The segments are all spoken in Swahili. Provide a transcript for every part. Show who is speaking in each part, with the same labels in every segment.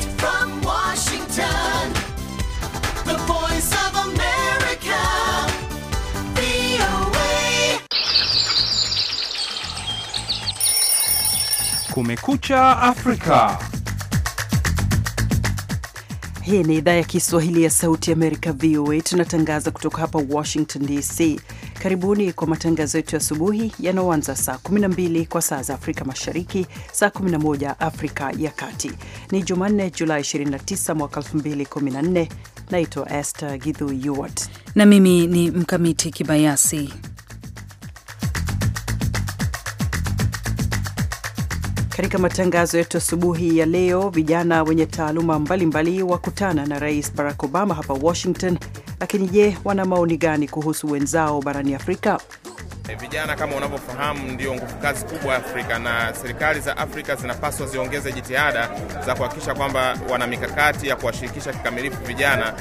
Speaker 1: Direct from Washington, the voice of America, VOA.
Speaker 2: Kumekucha Afrika. Hii ni idhaa ya Kiswahili ya Sauti ya Amerika, VOA. Tunatangaza kutoka hapa Washington DC. Karibuni kwa matangazo yetu ya asubuhi yanaoanza saa 12 kwa saa za Afrika Mashariki, saa 11 Afrika ya Kati. Ni Jumanne, Julai 29 mwaka 2014. Naitwa Esther Githu Yuwat
Speaker 3: na mimi ni Mkamiti Kibayasi.
Speaker 2: Katika matangazo yetu asubuhi ya leo, vijana wenye taaluma mbalimbali wakutana na Rais Barack Obama hapa Washington. Lakini je, wana maoni gani kuhusu wenzao barani Afrika?
Speaker 4: Eh, vijana kama unavyofahamu, ndio nguvu kazi kubwa Afrika, na serikali za Afrika zinapaswa ziongeze jitihada za kuhakikisha kwamba wana mikakati ya kuwashirikisha kikamilifu vijana.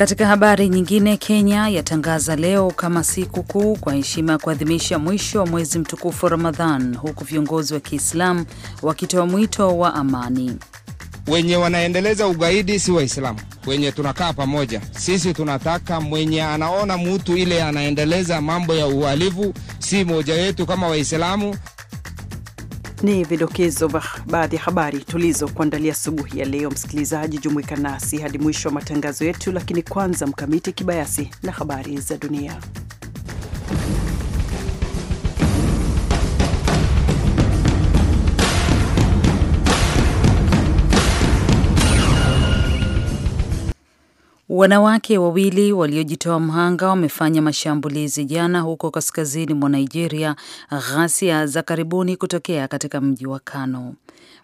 Speaker 3: Katika habari nyingine, Kenya yatangaza leo kama siku kuu kwa heshima ya kuadhimisha mwisho wa mwezi mtukufu Ramadhan, huku viongozi wa Kiislamu wakitoa mwito wa amani. Wenye wanaendeleza ugaidi si Waislamu, wenye tunakaa pamoja
Speaker 5: sisi. Tunataka mwenye anaona mutu ile anaendeleza mambo ya uhalifu si moja
Speaker 2: wetu kama Waislamu ni vidokezo vya baadhi ya habari tulizokuandalia asubuhi ya leo. Msikilizaji, jumuika nasi hadi mwisho wa matangazo yetu, lakini kwanza Mkamiti Kibayasi na habari za dunia.
Speaker 3: Wanawake wawili waliojitoa mhanga wamefanya mashambulizi jana huko kaskazini mwa Nigeria, ghasia za karibuni kutokea katika mji wa Kano.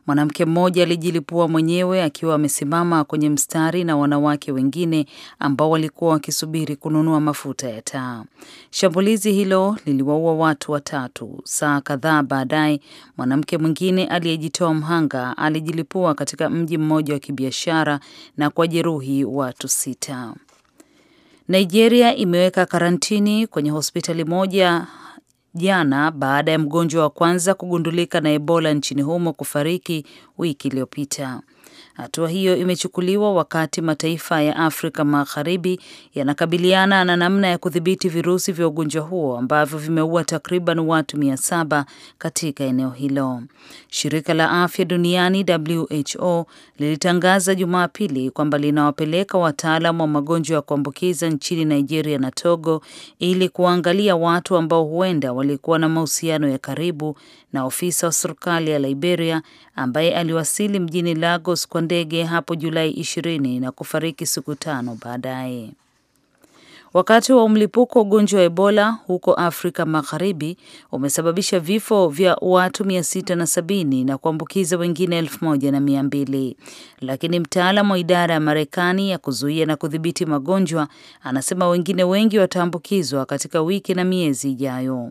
Speaker 3: Mwanamke mmoja alijilipua mwenyewe akiwa amesimama kwenye mstari na wanawake wengine ambao walikuwa wakisubiri kununua mafuta ya taa. Shambulizi hilo liliwaua watu watatu. Saa kadhaa baadaye, mwanamke mwingine aliyejitoa mhanga alijilipua katika mji mmoja wa kibiashara na jeruhi watu sita. Nigeria imeweka karantini kwenye hospitali moja jana baada ya mgonjwa wa kwanza kugundulika na Ebola nchini humo kufariki wiki iliyopita. Hatua hiyo imechukuliwa wakati mataifa ya Afrika Magharibi yanakabiliana na namna ya kudhibiti virusi vya ugonjwa huo ambavyo vimeua takriban watu mia saba katika eneo hilo. Shirika la Afya Duniani WHO lilitangaza Jumapili kwamba linawapeleka wataalam wa magonjwa ya kuambukiza nchini Nigeria na Togo ili kuwaangalia watu ambao huenda walikuwa na mahusiano ya karibu na ofisa wa serikali ya Liberia ambaye aliwasili mjini Lagos kwa ndege hapo Julai 20 na kufariki siku tano baadaye. Wakati wa mlipuko ugonjwa wa Ebola huko Afrika Magharibi umesababisha vifo vya watu 670 na kuambukiza wengine 1200 lakini mtaalamu wa idara ya Marekani ya kuzuia na kudhibiti magonjwa anasema wengine wengi wataambukizwa katika wiki na miezi ijayo.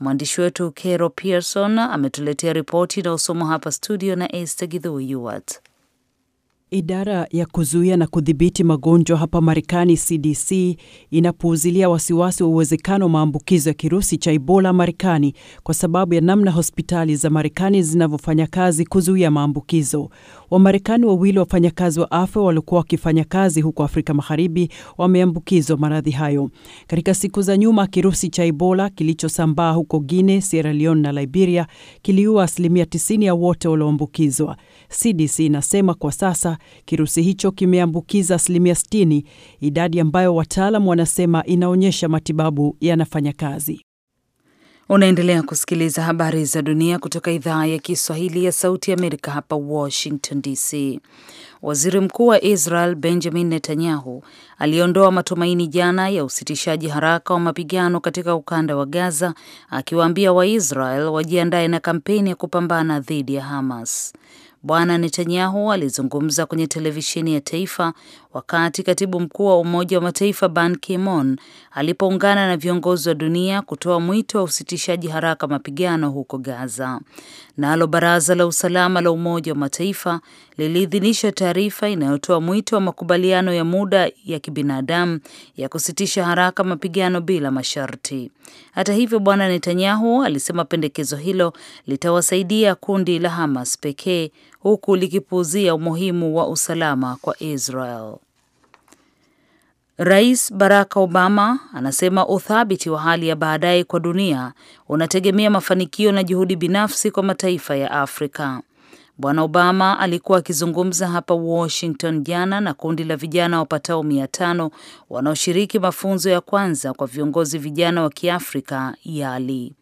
Speaker 3: Mwandishi wetu Kero Pearson ametuletea ripoti inayosomwa hapa studio na Esther Githui
Speaker 2: Idara ya kuzuia na kudhibiti magonjwa hapa Marekani, CDC, inapuuzilia wasiwasi wa uwezekano wa maambukizo ya kirusi cha Ebola Marekani kwa sababu ya namna hospitali za Marekani zinavyofanya kazi kuzuia maambukizo. Wamarekani wawili wafanyakazi wa afya waliokuwa wakifanya kazi huko Afrika Magharibi wameambukizwa maradhi hayo. Katika siku za nyuma, kirusi cha Ebola kilichosambaa huko guine Sierra Leone na Liberia kiliua asilimia 90 ya wote walioambukizwa. CDC inasema kwa sasa kirusi hicho kimeambukiza asilimia 60, idadi ambayo wataalam wanasema inaonyesha matibabu yanafanya kazi. Unaendelea
Speaker 3: kusikiliza habari za dunia kutoka idhaa ya Kiswahili ya Sauti Amerika hapa Washington DC. Waziri Mkuu wa Israel Benjamin Netanyahu aliondoa matumaini jana ya usitishaji haraka wa mapigano katika ukanda wa Gaza, akiwaambia Waisrael wajiandaye na kampeni ya kupambana dhidi ya Hamas. Bwana Netanyahu alizungumza kwenye televisheni ya taifa wakati katibu mkuu wa Umoja wa Mataifa Ban Ki-moon alipoungana na viongozi wa dunia kutoa mwito wa usitishaji haraka mapigano huko Gaza. Nalo Baraza la Usalama la Umoja wa Mataifa liliidhinisha taarifa inayotoa mwito wa makubaliano ya muda ya kibinadamu ya kusitisha haraka mapigano bila masharti. Hata hivyo, Bwana Netanyahu alisema pendekezo hilo litawasaidia kundi la Hamas pekee huku likipuuzia umuhimu wa usalama kwa Israel. Rais Barack Obama anasema uthabiti wa hali ya baadaye kwa dunia unategemea mafanikio na juhudi binafsi kwa mataifa ya Afrika. Bwana Obama alikuwa akizungumza hapa Washington jana na kundi la vijana wapatao mia tano wanaoshiriki mafunzo ya kwanza kwa viongozi vijana wa Kiafrika YALI.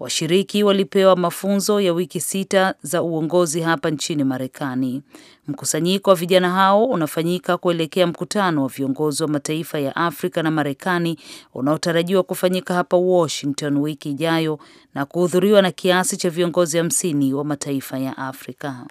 Speaker 3: Washiriki walipewa mafunzo ya wiki sita za uongozi hapa nchini Marekani. Mkusanyiko wa vijana hao unafanyika kuelekea mkutano wa viongozi wa mataifa ya Afrika na Marekani unaotarajiwa kufanyika hapa Washington wiki ijayo na kuhudhuriwa na kiasi cha viongozi hamsini wa mataifa ya Afrika.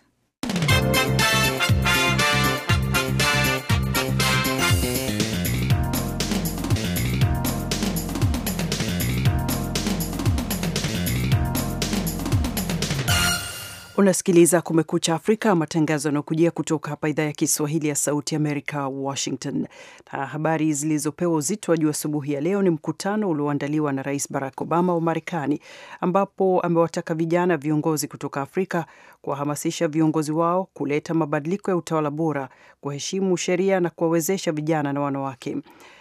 Speaker 2: Unasikiliza Kumekucha Afrika, matangazo yanayokujia kutoka hapa idhaa ya Kiswahili ya Sauti Amerika, Washington. Na habari zilizopewa uzito wa juu asubuhi ya leo ni mkutano ulioandaliwa na Rais Barack Obama wa Marekani, ambapo amewataka vijana viongozi kutoka Afrika kuwahamasisha viongozi wao kuleta mabadiliko ya utawala bora, kuheshimu sheria na kuwawezesha vijana na wanawake.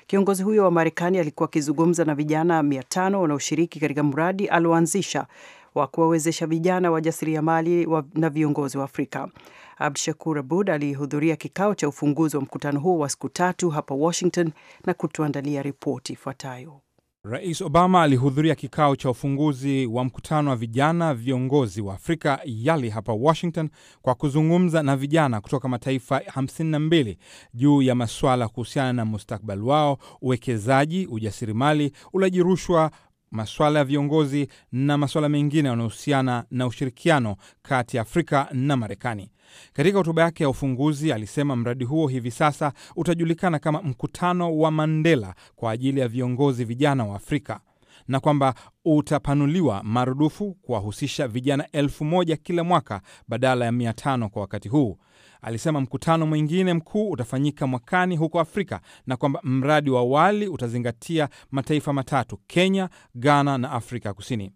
Speaker 2: Kiongozi huyo wa Marekani alikuwa akizungumza na vijana mia tano wanaoshiriki katika mradi alioanzisha wa kuwawezesha vijana wajasiriamali wa na viongozi wa Afrika. Abd Shakur Abud alihudhuria kikao cha ufunguzi wa mkutano huo wa siku tatu hapa Washington na kutuandalia ripoti ifuatayo.
Speaker 6: Rais Obama alihudhuria kikao cha ufunguzi wa mkutano wa vijana viongozi wa Afrika YALI hapa Washington kwa kuzungumza na vijana kutoka mataifa 52 juu ya masuala kuhusiana na mustakbali wao, uwekezaji, ujasiriamali, ulaji rushwa, masuala ya viongozi na masuala mengine yanayohusiana na ushirikiano kati ya Afrika na Marekani. Katika hotuba yake ya ufunguzi alisema mradi huo hivi sasa utajulikana kama mkutano wa Mandela kwa ajili ya viongozi vijana wa Afrika na kwamba utapanuliwa marudufu kuwahusisha vijana elfu moja kila mwaka badala ya mia tano kwa wakati huu. Alisema mkutano mwingine mkuu utafanyika mwakani huko Afrika na kwamba mradi wa awali utazingatia mataifa matatu: Kenya, Ghana na Afrika Kusini.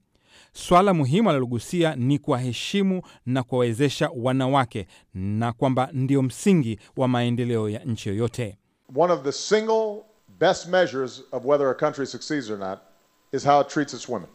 Speaker 6: Swala muhimu alilogusia ni kuwaheshimu na kuwawezesha wanawake na kwamba ndio msingi wa maendeleo ya nchi yoyote.
Speaker 1: One of the single best measures of whether a country succeeds or not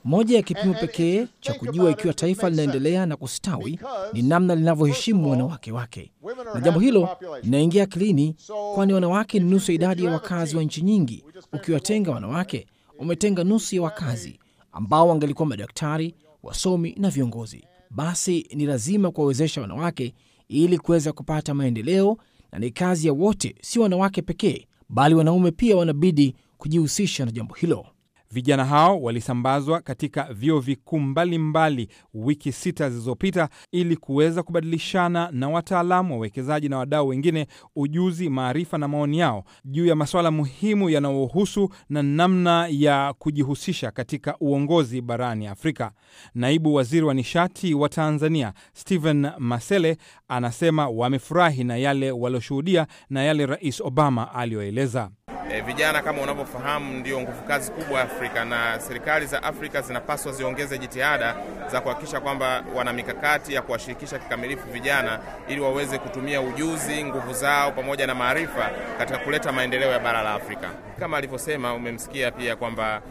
Speaker 6: moja ya kipimo pekee cha kujua ikiwa taifa linaendelea na kustawi ni namna linavyoheshimu wanawake wake, na jambo hilo linaingia akilini, kwani wanawake ni nusu ya idadi ya wakazi wa nchi nyingi. Ukiwatenga wanawake, umetenga nusu ya wakazi ambao wangelikuwa madaktari, wasomi na viongozi. Basi ni lazima kuwawezesha wanawake ili kuweza kupata maendeleo, na ni kazi ya wote, si wanawake pekee, bali wanaume pia wanabidi kujihusisha na jambo hilo. Vijana hao walisambazwa katika vyuo vikuu mbalimbali wiki sita zilizopita ili kuweza kubadilishana na wataalamu, wawekezaji na wadau wengine ujuzi, maarifa na maoni yao juu ya masuala muhimu yanayohusu na namna ya kujihusisha katika uongozi barani Afrika. Naibu Waziri wa Nishati wa Tanzania Stephen Masele anasema wamefurahi na yale walioshuhudia na yale Rais Obama aliyoeleza.
Speaker 4: E, vijana kama unavyofahamu ndio nguvu kazi kubwa Afrika, na serikali za Afrika zinapaswa ziongeze jitihada za kuhakikisha kwamba wana mikakati ya kuwashirikisha kikamilifu vijana ili waweze kutumia ujuzi, nguvu zao pamoja na maarifa katika kuleta maendeleo ya bara la Afrika. Kama alivyosema, umemsikia pia kwamba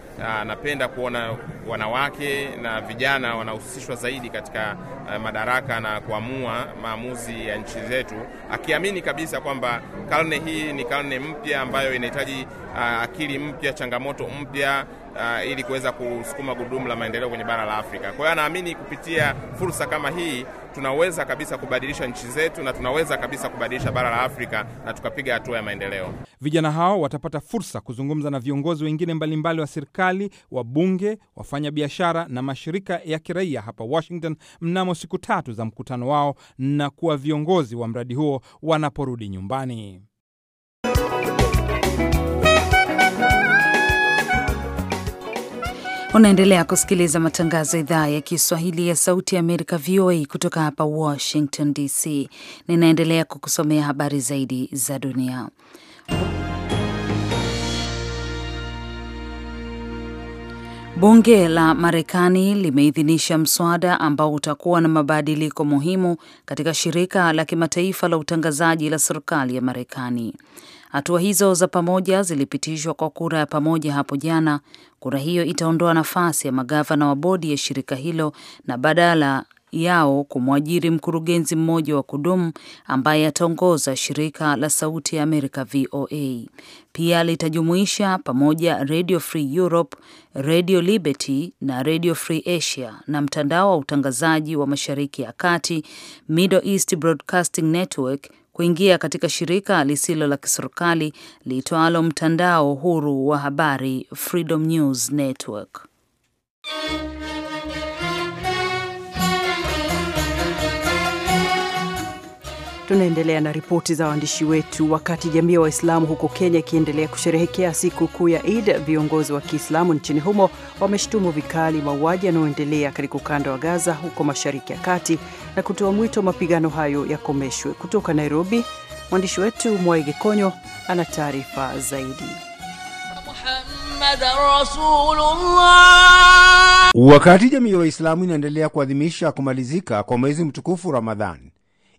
Speaker 4: anapenda kuona wanawake na vijana wanahusishwa zaidi katika a, madaraka na kuamua maamuzi ya nchi zetu, akiamini kabisa kwamba karne hii ni karne mpya ambayo inahitaji mahitaji uh, akili mpya, changamoto mpya uh, ili kuweza kusukuma gurudumu la maendeleo kwenye bara la Afrika. Kwa hiyo anaamini kupitia fursa kama hii tunaweza kabisa kubadilisha nchi zetu na tunaweza kabisa kubadilisha bara la Afrika na tukapiga hatua ya maendeleo.
Speaker 6: Vijana hao watapata fursa kuzungumza na viongozi wengine mbalimbali wa serikali, wabunge, wafanyabiashara na mashirika ya kiraia hapa Washington mnamo siku tatu za mkutano wao na kuwa viongozi wa mradi huo wanaporudi nyumbani.
Speaker 3: Unaendelea kusikiliza matangazo ya idhaa ya Kiswahili ya Sauti ya Amerika, VOA, kutoka hapa Washington DC. Ninaendelea kukusomea habari zaidi za dunia. Bunge la Marekani limeidhinisha mswada ambao utakuwa na mabadiliko muhimu katika shirika la kimataifa la utangazaji la serikali ya Marekani. Hatua hizo za pamoja zilipitishwa kwa kura ya pamoja hapo jana. Kura hiyo itaondoa nafasi ya magavana wa bodi ya shirika hilo na badala yao kumwajiri mkurugenzi mmoja wa kudumu ambaye ataongoza shirika la sauti ya Amerika VOA. Pia litajumuisha pamoja Radio Free Europe, Radio Liberty na Radio Free Asia na mtandao wa utangazaji wa Mashariki ya Kati, Middle East Broadcasting Network kuingia katika shirika lisilo la kiserikali liitwalo Mtandao Huru wa Habari, Freedom News Network.
Speaker 2: Tunaendelea na ripoti za waandishi wetu. Wakati jamii ya Waislamu huko Kenya ikiendelea kusherehekea siku kuu ya id viongozi wa Kiislamu nchini humo wameshtumu vikali mauaji yanayoendelea katika ukanda wa Gaza huko Mashariki ya Kati na kutoa mwito mapigano hayo yakomeshwe. Kutoka Nairobi, mwandishi wetu Mwaige Konyo ana taarifa zaidi.
Speaker 5: Wakati jamii ya Waislamu inaendelea kuadhimisha kumalizika kwa mwezi mtukufu Ramadhani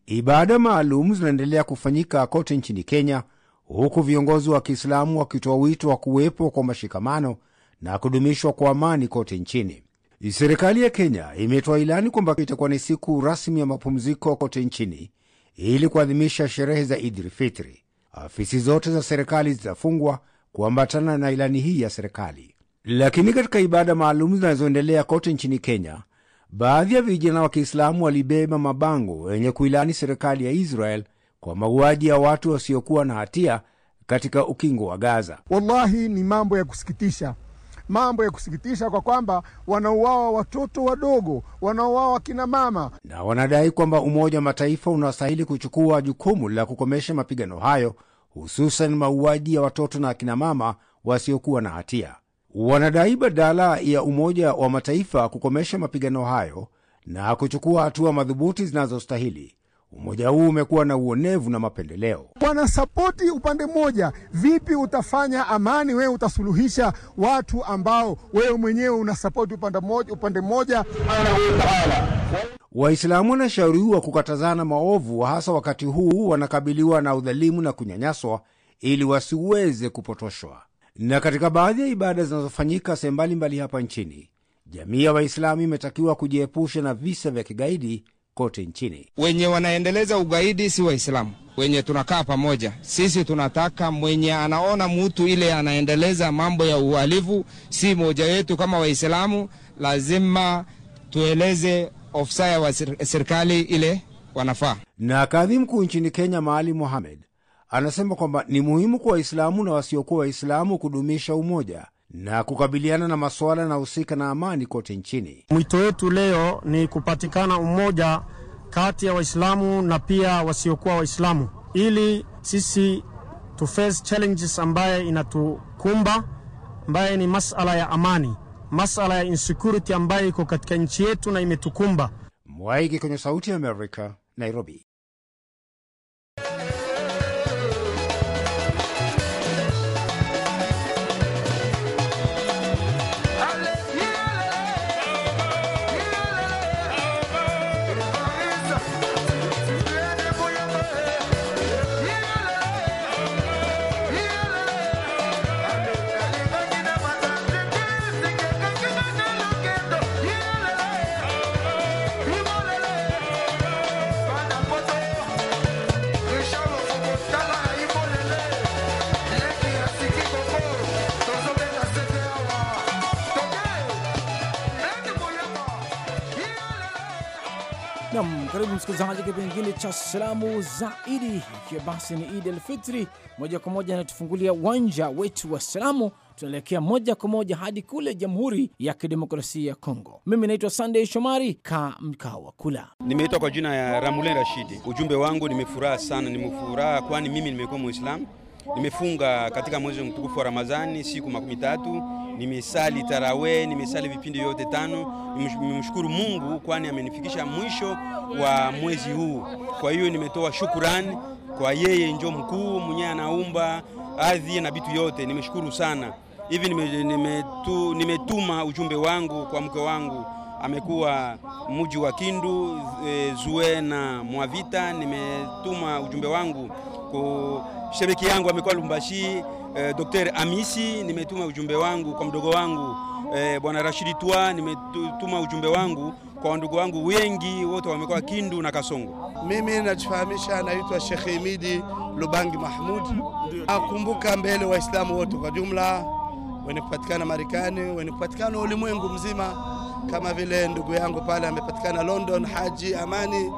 Speaker 5: Ibada maalum zinaendelea kufanyika kote nchini Kenya, huku viongozi wa Kiislamu wakitoa wito wa kuwepo kwa mashikamano na kudumishwa kwa amani kote nchini. Serikali ya Kenya imetoa ilani kwamba itakuwa ni siku rasmi ya mapumziko kote nchini ili kuadhimisha sherehe za idrifitri Afisi zote za serikali zitafungwa kuambatana na ilani hii ya serikali. Lakini katika ibada maalum zinazoendelea kote nchini Kenya, Baadhi ya vijana wa Kiislamu walibeba mabango yenye kuilani serikali ya Israel kwa mauaji ya watu wasiokuwa na hatia katika ukingo wa Gaza. Wallahi, ni mambo ya kusikitisha, mambo ya kusikitisha kwa kwamba wanauawa watoto wadogo, wanauawa wakina mama, na wanadai kwamba Umoja wa Mataifa unastahili kuchukua jukumu la kukomesha mapigano hayo, hususan mauaji ya watoto na akina mama wasiokuwa na hatia wanadai badala ya Umoja wa Mataifa kukomesha mapigano hayo na kuchukua hatua madhubuti zinazostahili. Umoja huu umekuwa na uonevu na mapendeleo. Wanasapoti upande mmoja. Vipi utafanya amani? Wewe utasuluhisha watu ambao wewe mwenyewe unasapoti upande mmoja, upande mmoja. Waislamu wanashauriwa kukatazana maovu, hasa wakati huu wanakabiliwa na udhalimu na kunyanyaswa, ili wasiweze kupotoshwa. Na katika baadhi ya ibada zinazofanyika sehemu mbalimbali hapa nchini, jamii ya Waislamu imetakiwa kujiepusha na visa vya kigaidi kote nchini. Wenye wanaendeleza ugaidi si Waislamu, wenye tunakaa pamoja sisi. Tunataka mwenye anaona mutu ile anaendeleza mambo ya uhalifu si moja wetu. Kama Waislamu lazima tueleze ofisa ya serikali ile wanafaa. Na kadhi mkuu nchini Kenya Maalim Mohamed anasema kwamba ni muhimu kwa Waislamu na wasiokuwa Waislamu kudumisha umoja na kukabiliana na masuala yanahusika na amani kote nchini. Mwito wetu leo ni kupatikana umoja kati ya Waislamu na pia wasiokuwa Waislamu ili sisi to face challenges ambaye inatukumba ambaye ni masala ya amani, masala ya insecurity ambayo iko katika nchi yetu na imetukumba. Mwaige kwenye Sauti ya Amerika, Nairobi.
Speaker 6: Karibu msikilizaji, kipindi cha salamu za Idi, ikiwa basi ni Idi Alfitri. Moja kwa moja anatufungulia uwanja wetu wa salamu, tunaelekea moja kwa moja hadi kule Jamhuri ya Kidemokrasia ya Kongo. Mimi naitwa Sunday Shomari ka mkao wa kula,
Speaker 5: nimeitwa kwa jina ya Ramulen Rashidi. Ujumbe wangu, nimefuraha sana, nimefuraha kwani mimi nimekuwa Muislamu Nimefunga katika mwezi mtukufu wa Ramadhani siku makumi tatu, nimesali tarawe, nimesali vipindi vyote tano. Nimemshukuru Mungu kwani amenifikisha mwisho wa mwezi huu. Kwa hiyo nimetoa shukurani kwa yeye, njo mkuu mwenye anaumba ardhi na vitu yote. Nimeshukuru sana. Hivi nimetuma nime ujumbe wangu kwa mke wangu amekuwa mji wa Kindu e, Zuena Mwavita. Nimetuma ujumbe wangu Shemeki yangu amekuwa Lumbashi, eh, Dr. Amisi, nimetuma ujumbe wangu kwa mdogo wangu eh, Bwana Rashidi Twa, nimetuma ujumbe wangu
Speaker 4: kwa ndugu wangu wengi wote wamekuwa Kindu na Kasongo. Mimi najifahamisha naitwa Sheikh Himidi Lubangi Mahmud. Akumbuka mbele Waislamu wote kwa jumla wenye kupatikana Marekani, wenye kupatikana ulimwengu mzima, kama vile ndugu yangu pale amepatikana London, Haji Amani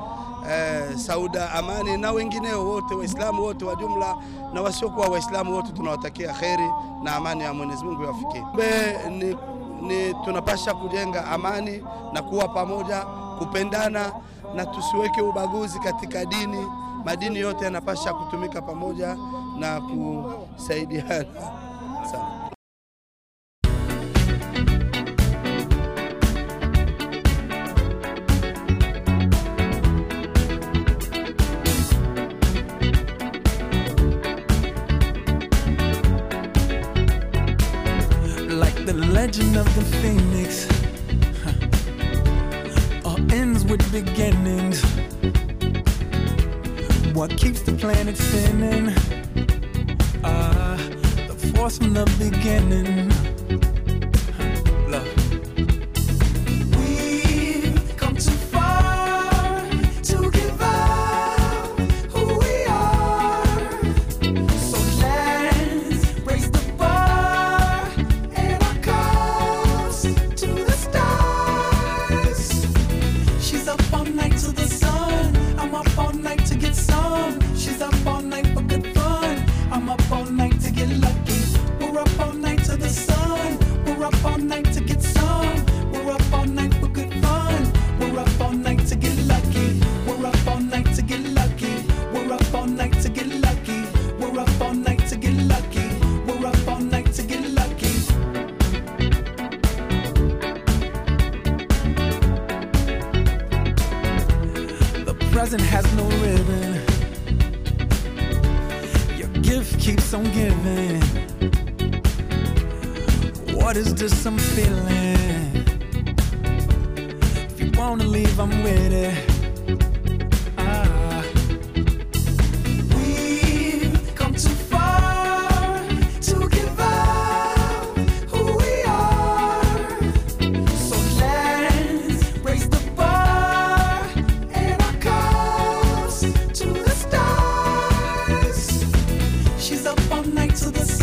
Speaker 4: eh, Sauda Amani na wengineo wote, Waislamu wote wa jumla na wasiokuwa Waislamu wote, tunawatakia kheri na amani ya Mwenyezi Mungu iwafikie. Ni, ni tunapasha kujenga amani na kuwa pamoja, kupendana na tusiweke ubaguzi katika dini. Madini yote yanapasha kutumika pamoja na kusaidiana sana.
Speaker 7: legend of the phoenix all ends with beginnings. What keeps the planet spinning? Uh, the force from the beginning.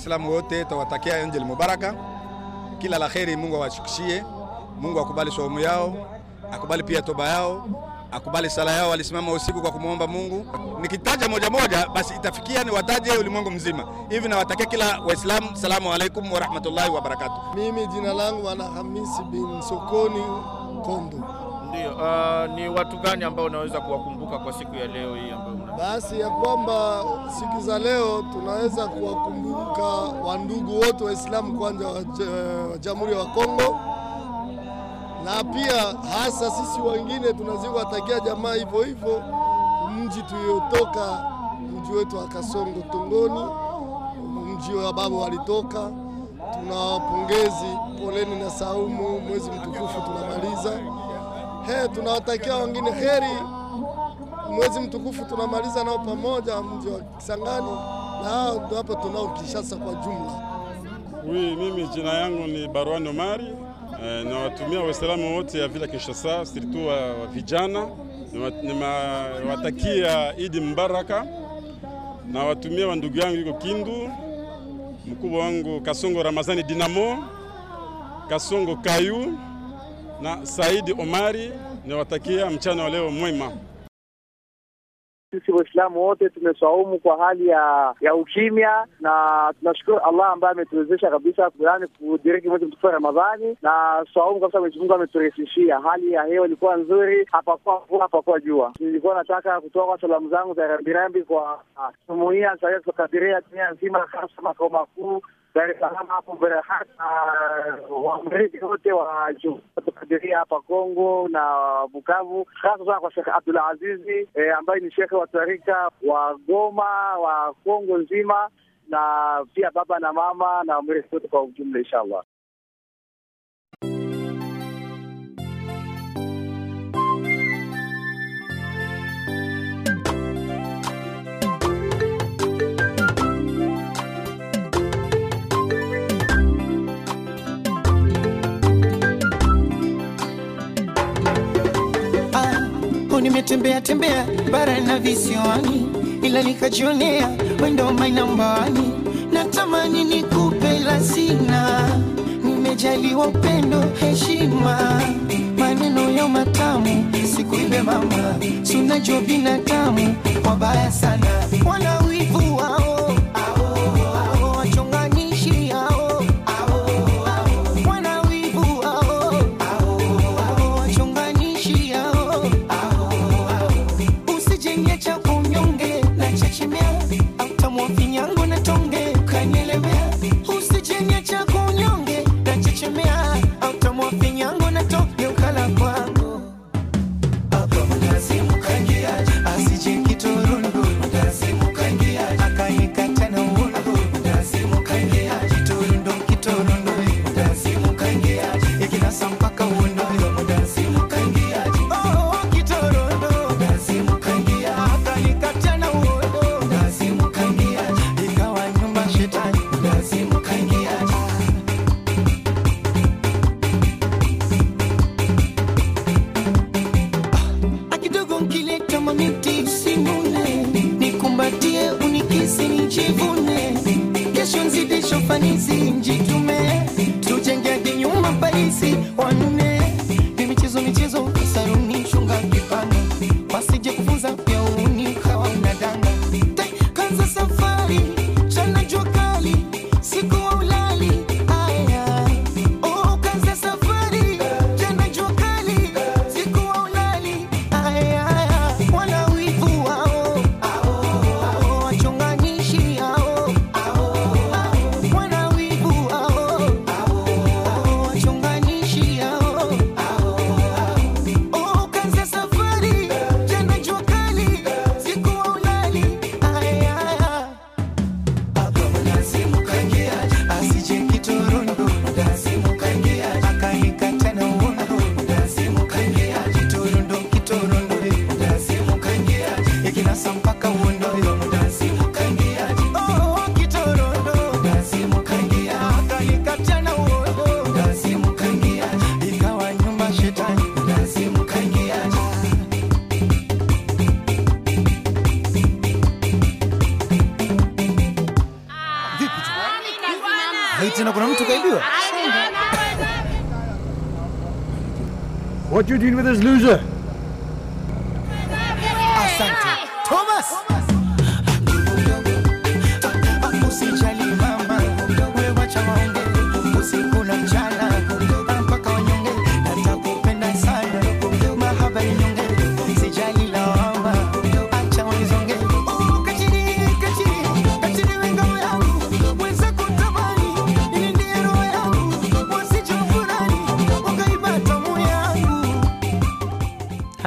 Speaker 5: Waislamu wote tawatakia Angel Mubaraka, kila la kheri. Mungu awashukishie, Mungu akubali saumu yao, akubali pia toba yao, akubali sala yao walisimama usiku kwa kumwomba Mungu. Nikitaja moja moja, basi itafikia ni wataje ulimwengu mzima hivi. Nawatakia kila
Speaker 4: Waislamu, salamu alaikum warahmatullahi wabarakatu
Speaker 5: Mimi jina langu ana Hamisi bin Sokoni Kondo.
Speaker 4: Ndio, uh, ni watu gani ambao unaweza kuwakumbuka kwa siku ya leo hii ambao
Speaker 5: basi ya kwamba
Speaker 1: siku za leo
Speaker 5: tunaweza kuwakumbuka wandugu wote Waislamu kwanza wa Jamhuri ya Kongo, na pia hasa sisi wengine tunazidi jamaa hivyo hivyo mji tuliotoka mji wetu wa Kasongo Tongoni, mji wa babu walitoka. Tunawapongezi, poleni na saumu, mwezi mtukufu tunamaliza. He, tunawatakia wengine heri mwezi mtukufu tunamaliza nao pamoja mji wa Kisangani, na hao ndio hapa tunao Kinshasa kwa
Speaker 1: jumla.
Speaker 6: Wi, mimi jina yangu ni Barwani Omari. Eh, nawatumia Waislamu wote ya vila Kinshasa, surtout wa vijana, nimewatakia Idi Mbaraka. Nawatumia wa ndugu yangu yuko Kindu, mkubwa wangu Kasongo Ramazani Dinamo, Kasongo Kayu na Saidi Omari, nawatakia mchana wa leo mwema.
Speaker 5: Sisi Waislamu wote tumeswaumu kwa hali ya ya ukimya, na tunashukuru Allah ambaye ametuwezesha kabisa yani kudiriki mwezi mtukufu wa Ramadhani na swaumu kabisa. Mwenyezi Mungu ameturahisishia, hali ya hewa ilikuwa nzuri, hapakuwa mvua, hapakuwa jua. Nilikuwa nataka kutoa kwa salamu zangu za rambirambi kwa
Speaker 7: ah, jumuia
Speaker 5: Saia dunia nzima, hasa makao makuu Dar es Salaam hapo mbele, hata Wamerithi wote watukadiria hapa Kongo na Bukavu, hasa sana kwa Shekh Abdullah Azizi e, ambaye ni shekhe wa tarika wa Goma wa Kongo nzima, na pia baba na
Speaker 7: mama na Wamerithi wote kwa ujumla, inshallah.
Speaker 1: nimetembea tembea bara na visiwani, ila nikajionea wendo mainambani. Natamani ni la sina, nimejaliwa upendo, heshima, maneno ya matamu, siku ile mama, sunajua binadamu wabaya sana Wana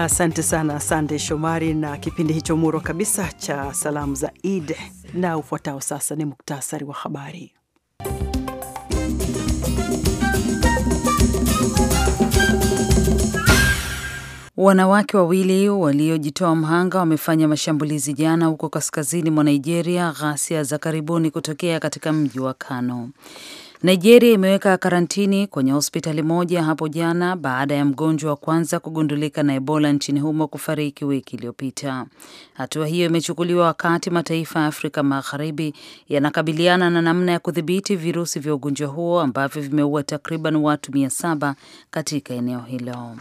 Speaker 2: Asante sana Sande Shomari na kipindi hicho muro kabisa cha salamu za id Na ufuatao sasa ni muktasari wa habari.
Speaker 3: Wanawake wawili waliojitoa mhanga wamefanya mashambulizi jana huko kaskazini mwa Nigeria, ghasia za karibuni kutokea katika mji wa Kano. Nigeria imeweka karantini kwenye hospitali moja hapo jana baada ya mgonjwa wa kwanza kugundulika na Ebola nchini humo kufariki wiki iliyopita. Hatua hiyo imechukuliwa wakati mataifa ya Afrika Magharibi yanakabiliana na namna ya kudhibiti virusi vya ugonjwa huo ambavyo vimeua takriban watu mia saba katika eneo hilo.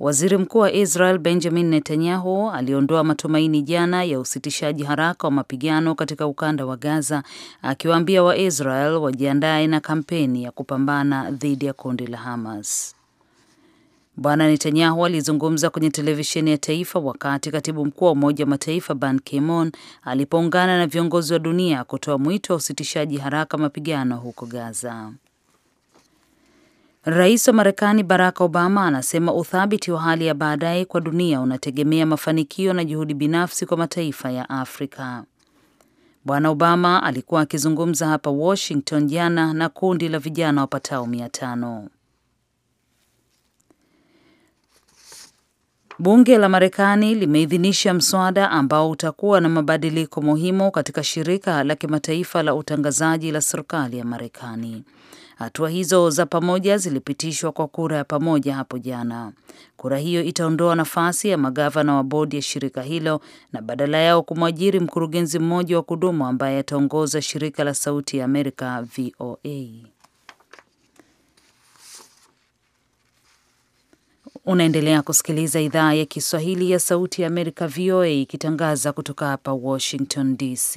Speaker 3: Waziri Mkuu wa Israel Benjamin Netanyahu aliondoa matumaini jana ya usitishaji haraka wa mapigano katika ukanda wa Gaza, akiwaambia Waisrael wajiandae na kampeni ya kupambana dhidi ya kundi la Hamas. Bwana Netanyahu alizungumza kwenye televisheni ya taifa wakati katibu mkuu wa Umoja wa Mataifa Ban Ki-moon alipoungana na viongozi wa dunia kutoa mwito wa usitishaji haraka mapigano huko Gaza. Rais wa Marekani Barack Obama anasema uthabiti wa hali ya baadaye kwa dunia unategemea mafanikio na juhudi binafsi kwa mataifa ya Afrika. Bwana Obama alikuwa akizungumza hapa Washington jana na kundi la vijana wapatao mia tano. Bunge la Marekani limeidhinisha mswada ambao utakuwa na mabadiliko muhimu katika shirika la kimataifa la utangazaji la serikali ya Marekani. Hatua hizo za pamoja zilipitishwa kwa kura ya pamoja hapo jana. Kura hiyo itaondoa nafasi ya magavana wa bodi ya shirika hilo na badala yao kumwajiri mkurugenzi mmoja wa kudumu ambaye ataongoza shirika la Sauti ya Amerika, VOA. Unaendelea kusikiliza idhaa ya Kiswahili ya Sauti ya Amerika, VOA, ikitangaza kutoka hapa Washington DC.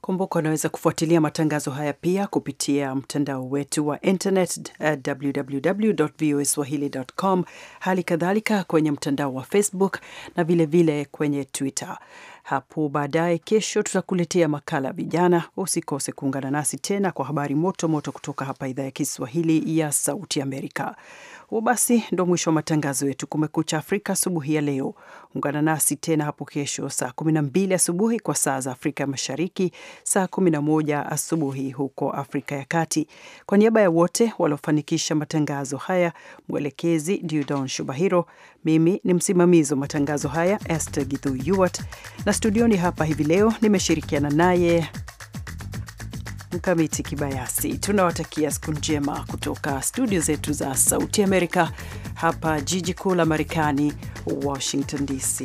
Speaker 3: Kumbuka unaweza kufuatilia matangazo
Speaker 2: haya pia kupitia mtandao wetu wa internet eh, www.voaswahili.com, hali kadhalika kwenye mtandao wa Facebook na vilevile vile kwenye Twitter. Hapo baadaye kesho tutakuletea makala vijana. Usikose kuungana nasi tena kwa habari moto moto kutoka hapa idhaa ya Kiswahili ya Sauti Amerika. Huo basi ndo mwisho wa matangazo yetu Kumekucha Afrika asubuhi ya leo. Ungana nasi tena hapo kesho saa 12 asubuhi kwa saa za Afrika Mashariki, saa 11 asubuhi huko Afrika ya Kati. Kwa niaba ya wote waliofanikisha matangazo haya, mwelekezi Dudon Shubahiro, mimi ni msimamizi wa matangazo haya Esther Githu Yuwat, na studioni hapa hivi leo nimeshirikiana naye Mkamiti Kibayasi. Tunawatakia siku njema kutoka studio zetu za Sauti Amerika hapa jiji kuu la Marekani, Washington DC.